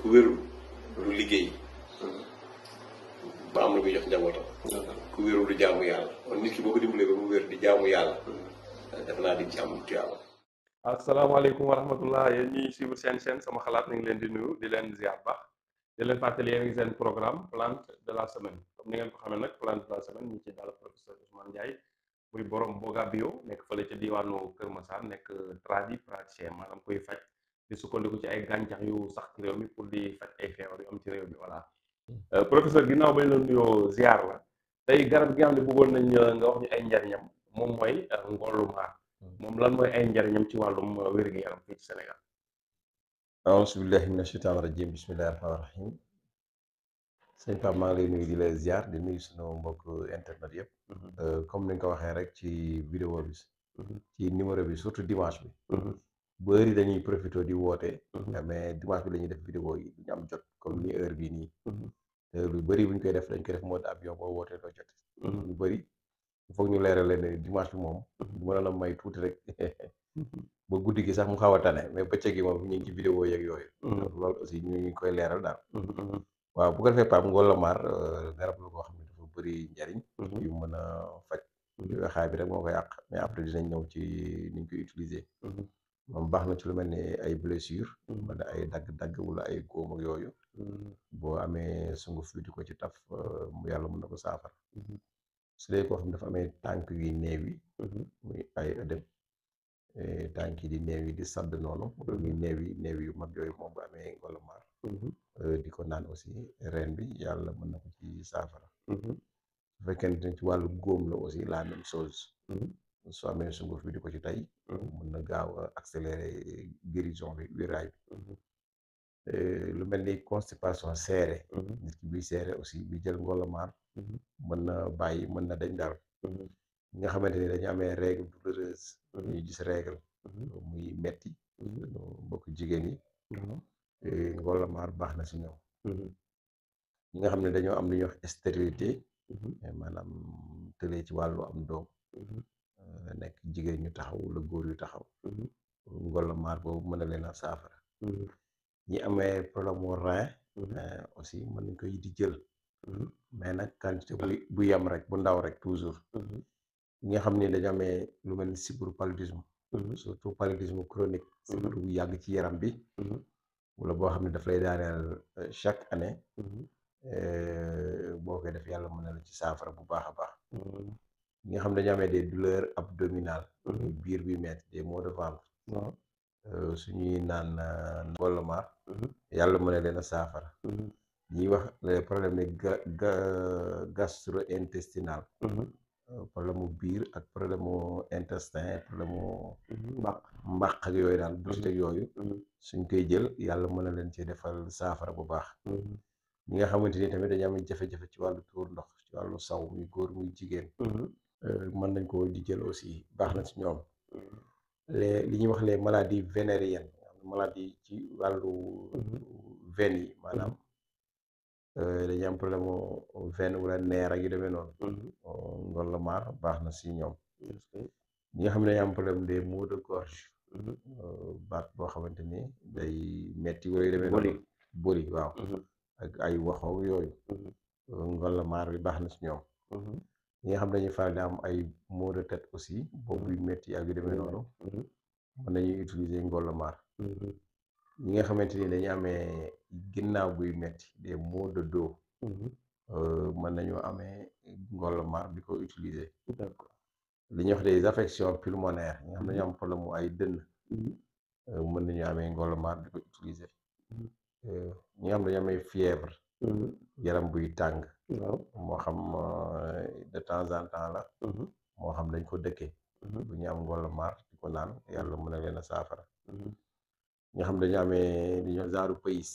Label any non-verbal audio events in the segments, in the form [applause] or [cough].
ku wérul du liggéey ba am lu jox njabootam ku wérul du jaamu yàlla nit ki boo ko ba mu wér di jaamu def di wa rahmatullah suivre sama xalaat ñu leen di nuyu di leen ziar baax di leen fàttali yéen ngi programme plante de la semaine comme ni ngeen ko xamee nag plante de la semaine ñu ci daal professeur Ousmane muy borom Boga Bio Massar tradi di sukkandiku ci ay gàncax yu sax ci réew mi pour di faj ay feebar yu am ci réew mi voilà. Hmm. Euh, professeur ginnaaw bañ la nuyoo la tey garab gi nga xam ne bëggoon nañ euh, nga wax ñu ay njariñam moom mooy euh, ngóolu maar hmm. moom lan mooy ay njariñam ci wàllum wér-gu-yaram fii ci Sénégal. auzu billahi mina shaytaani bismillahi rahmaani ngi lay la ziar di nuyu sunu mbokk internet yëpp. Mm-hmm. comme ni ko waxee rek ci vidéo mm-hmm. ci numéro bi surtout dimanche bi. Mm-hmm. bëri dañuy profité di woote. mais dimanche bi la ñuy def vidéo yi ñu am jot comme ni heure bii nii. heure bi bu ñu koy def dañ koy def mode avion boo wootee doo jot. ñu bëri foog ñu leeral leen ne dimanche bi moom. du mënoon a tuuti rek ba guddi gi sax mu xaw a tane mais moom ñu ci vidéo yeeg yooyu. loolu aussi ñu ngi koy leeral daal. waaw bu ko defee Pape Ngolo Mar garab la boo xam ne dafa bëri njariñ. yu mën a faj. xaay bi rek moo koy yàq mais après dinañ ñëw ci ni ñu koy utiliser. moom baax na ci lu mel ni ay blessure mm. wala ay dagg dagg wala ay góom ak yooyu mm. boo amee sunguf bi di ko ci taf euh, yàlla mun na ko saafara mm-hmm. su dee koo xam dafa amee tànk yu néew yi mm-hmm. muy ay ëdëm e, tànk yi di néew yi di sadd noonu muy mm-hmm. néew yi néew yu mag yooyu moom bu amee ngolo maar euh, di ko naan aussi ren bi yàlla mën na ko ci saafara su fekkente ci wàllu góom la aussi la même chose soo amee sunguf bi di ko ci tey mën na gaaw a accélérer bi bi wéraay bi lu mel ni constipation seere nit ki buy seere aussi bi jël ngolomaan mën na bàyyi mën na dañ daal nga xamante ni dañu amee règle douloureuse ñu gis règle muy metti mbokk jigéen yi baax na si ñoom nga xam ne dañoo am lu ñuy wax stérilité maanaam tëlee ci wàllu am doom nekk jigéen ñu taxaw wala góor yu taxaw mm-hmm. ngolo maar boobu mën a leen a saafara mm-hmm. ñi amee problème mu rein mm-hmm. eh, aussi mën nañ koy di jël mais nag quantité bu yem rek bu ndaw rek toujours ñi nga xam ni dañu amee lu mel ni sibiru paludisme surtout paludisme chronique sibiru bu yàgg ci yaram bi wala boo xam ne daf lay daaneel eh, chaque année eh, boo koy def yàlla mën na la ci saafara bu baax a baax ñi nga xam dañu amee des douleurs abdominales mmh. biir bi metti de maux de ventre euh, suñuy naan euh, Golomar mmh. yàlla mën na leen a saafara mmh. ñuy wax problème problèmes de ga gastro-intestinal euh, problème mu biir ak problème mu intestin problème mu mbaq mbaq ak yooyu daal brusteg yooyu suñ koy jël yàlla mën na leen ci defal saafara bu baax ñi nga xamante ni tamit dañu am jafe-jafe ci wàllu tuur ndox ci wàllu saw muy góor muy jigéen Euh, mën nañ ko di jël aussi baax na si ñoom mm-hmm. les li ñuy wax les maladies vénériennes maladies ci wàllu mm-hmm. veine yi maanaam mm-hmm. euh, dañuy am problème mu veine wala nerf ak yu demee noonu. loolu la baax na si ñoom. ñi nga xam ne dañuy am problème des maux de gorge. Euh, baat boo xamante ni day metti wala yu demee noonu. bëri waaw. ak ay waxaw yooyu. loolu bi baax na si ñoom. ñi nga xam dañuy faral di am ay maux de tête aussi boobu yu métti ak yu demee noonu mhm. mën nañuy utiliser ngolomar mhm. ñi nga xamante ni dañuy amee ginnaaw buy métti de maux de dos mhm. euh, mën nañoo amee ngolomar bi ko utiliser lu ñuy wax des affections pulmonaires ñi nga xam dañu am problème mu ay dënn euh, mën nañu amee ngolomar di ko utiliser euh, ñi xam dañu amee fièvre Mmh. yaram buy tàng moo xam euh, de temps en temps la mmh. moo xam dañ ko dëkkee mmh. bu ñu am ngoola di ko naan yàlla mën a leen a saafara ñi xam dañu amee dañu genre pays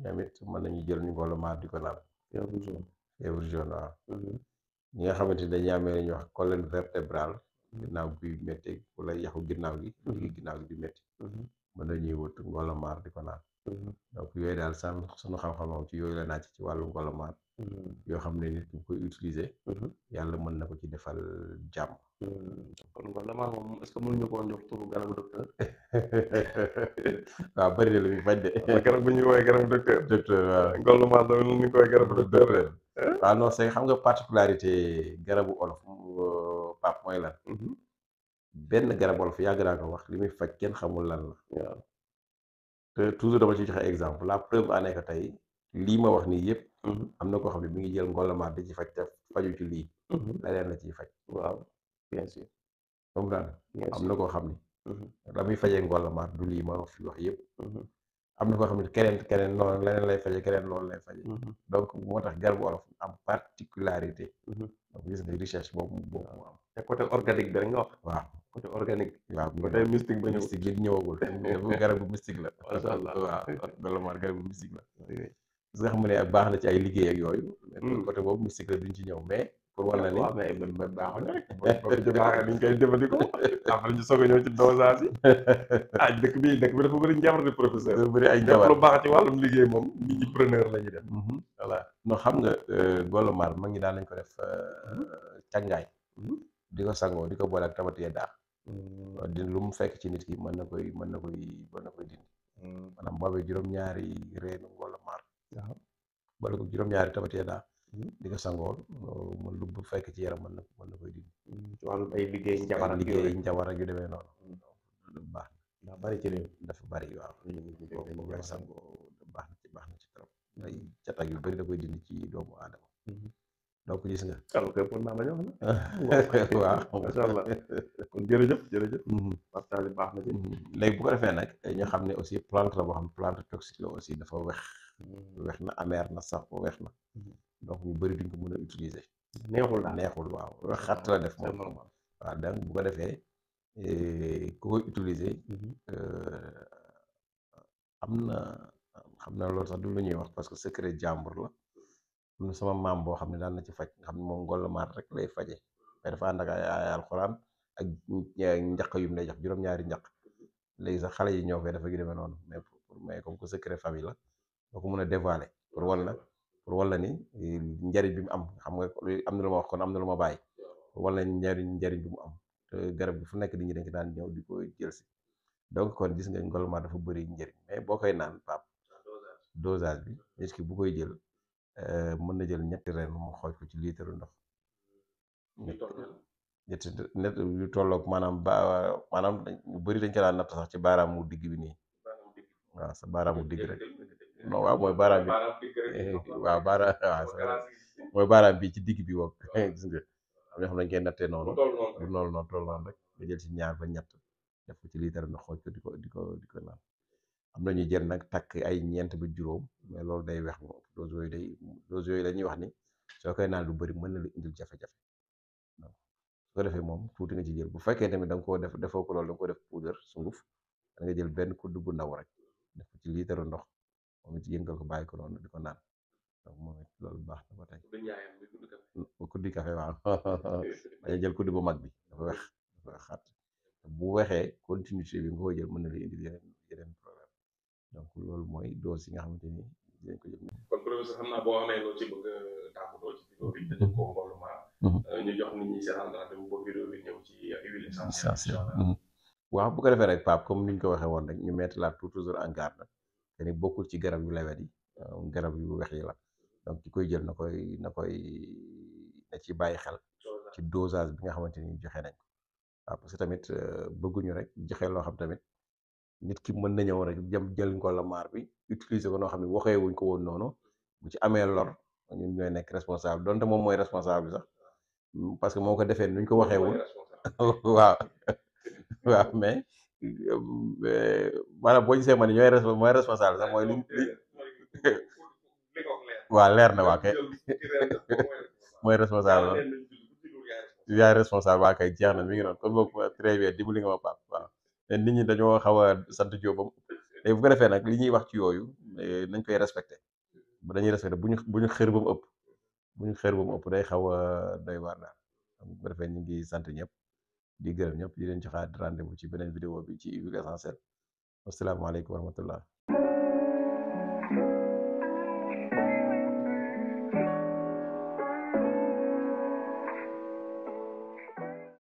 ñoom it mën nañu jël ngoola maar di ko naan fièvre ñi nga xamante dañu amee lañuy wax colonne vertébrale ginnaaw guy métti wala yaxu ginnaaw gi ligi ginnaaw gi di métti mën nañuy wut ngoola maar di ko naan Mmh. donc yooyu daal sam sunu xam-xam moom ci yooyu la naaj ci wàllu ngolomaan mmh. yoo xam ne nit bu koy utiliser mmh. yàlla mën na ko ci defal jàmm kon ngolomaan moom est-ce que mënuñu garabu docteur [laughs] garab bu docteur docteur waaw ngolomaan da ñu koy garabu docteur waaw non c'est xam nga particularité garabu olof euh, pap mooy lan benn garabu olof yàgg naa ko wax li muy faj kenn xamul lan la te toujours dama ci joxe exemple la preuve en est que tey lii ma wax nii yëpp. Mhm. am na koo xam ne mi ngi jël ngolamaat di ci faj te faju ci lii. Mhm. leen la ci faj. waaw bien sûr. donc daal am na koo xam ni. da mhm. muy fajee ngolamaat du lii ma fi wax yëpp. am na koo xam ne keneen keneen noonu leneen lay faje keneen loolu lay faje donc moo tax garabu olof am particularité. donc gis nga recherche boobu boobu mu te côté organique bi nga wax. waaw côté organique. waaw côté mystique ba ñëw mystique yi ñëwagul. garab bu mystique la. [laughs] macha allah waaw Golomar garab [laughs] xam ne baax na ci ay liggéey ak yooyu. Hmm. côté boobu mystique la duñ ci ñëw mais. pour wàll na ni waaw mais man man baaxul rek. boobu ci baax nañ koy jëfandikoo. [laughs] après ñu soog a ñëw ci dosage yi. ah dëkk de professeur. dafa bëri ay njabar lu baax ci wàllum liggéey moom nit ñi preneur la ñuy def. Mm-hmm. voilà non xam nga euh, Golomar mag ñi daal nañ ko def euh, mm-hmm. càngaay mm-hmm. di ko sangoo di ko boole ak tabatu yedda di lum mu fekk ci nit ki man na koy mën na koy mën na koy dindi maanaam boobee juróom-ñaari reenu ngol maar waaw boole ko juróom-ñaari tabatu yedda di ko sangoo mo lu bu fekk ci yaram man na man na koy dindi ci walu ay liggey njabar ak liggéey njabar ak yu demee noonu lu baax na bari ci réew dafa bari waaw boobu ngi sangoo baax ci baax na ci trop ay catak yu bari da koy dindi ci doomu aadama donc gis nga. alors que pour a wax nag. waaw baax na ci. léegi bu ko defee nag ñu xam ne aussi plante la boo xam plante toxique la aussi dafa wex wex na amer na sax wex na. donc bu bari duñ ko mën a utiliser. neexul daal neexul waaw xat la def moom. waaw donc bu ko defee ku utiliser. am na xam na lool sax du lu ñuy wax parce que secret jàmbur la. am na maam boo xam ne daan na ci faj nga xam ne moom ngóol maar rek lay faje mais dafa ànd ak ay ak njaq yu mu lay jox juróom-ñaari njaq léegi sax xale yi ñoo koy dafa gi demee noonu mais pour mais comme que secret famille la boo ko mën a dévoiler pour wan la pour wan ni eh, njariñ bi mu am xam nga am na lu am na lu ma bàyyi pour wan la bi mu am garab gi fu nekk nit ñi dañ ko daan ñëw di ko jël si donc kon gis nga ngóol maar dafa bëri njariñ boo koy naan pap dosage bi nit bu koy jël. Euh, mën na jël ñetti ren mu xooj ko ci litre ndox. ñetti ñetti yu maanaam ba maanaam ñu bëri dañ ko natt sax ci baaraamu digg bi nii waaw sa baaraamu digg rek non waaw mooy baaraam bi eh, waaw baaraam waaw mooy baaraam bi ci digg bi boobu [laughs] gis nga am na xam dañ koy nattee noonu noonu noonu toll noonu rek nga jël ci ñaar ba ñett def ko ci litre ndox xooj ko di ko di naan. am na ñu jël nag takk ay ñeent ba juróom mais loolu day weex moo ëpp dose yooyu day dose yooyu la ñuy wax ni soo koy naan lu bari mën na la indil jafe-jafe moom tuuti nga ci jël bu fekkee tamit da nga koo def defoo ko loolu da def poudre sunguf da nga jël benn kudd bu ndaw rek def ko ci liitaru ndox moom it yëngal ko bàyyi ko noonu di ko naan donc moom it loolu baax na ba tey. kuddi café waaw [laughs] dañuy jël kudd bu mag bi dafa wex dafa xat bu wexee continuité bi nga koy jël mën na la indil yeneen. loolu mooy dose yi nga xamante ni dinañ ko jël. kon professeur xam mm-hmm. mm-hmm. euh, mm-hmm. bu ko defee rek Pape comme ni ñu ko waxee woon rek ñu mettre la toujours en garde te ni bokkul ci garab yu lewet yi euh, garab yu wex yi la donc ki koy jël na koy na koy na ci bàyyi xel. ci dosage bi nga xamante ni joxe nañ ko. parce que tamit euh, bëgguñu rek joxe loo xam tamit. nit ki mën na ñëw rek jëm jël ngolamaar bi utiliser ko noo xam ne waxee wuñ ko woon noonu bu ci amee lor ñun ñooy nekk responsable donte moom mooy responsable sax mm, parce que moo ko defee nuñ ko waxee woon [laughs] waaw mais maanaam boo gisee ma ne ñooy mooy responsable sax mooy li waaw leer na waa kay mooy responsable yaay responsable waa kay jeex na mi ngi noonu kon boog très bien dimbali nga ma Pape te nit ñi dañoo xaw a sant jóobam léegi bu ko defee nag li ñuy wax ci yooyu eh, nañ koy respecté bu dañuy respecté bu ñu bu ñu xër ba mu ëpp bu ñu xër ba mu ëpp day xaw a doy waar daal bu ko defee ñu ngi sant ñëpp di gërëm ñëpp di leen joxaat rendez bu ci beneen vidéo bi ci Ugas Sen asalaamaaleykum wa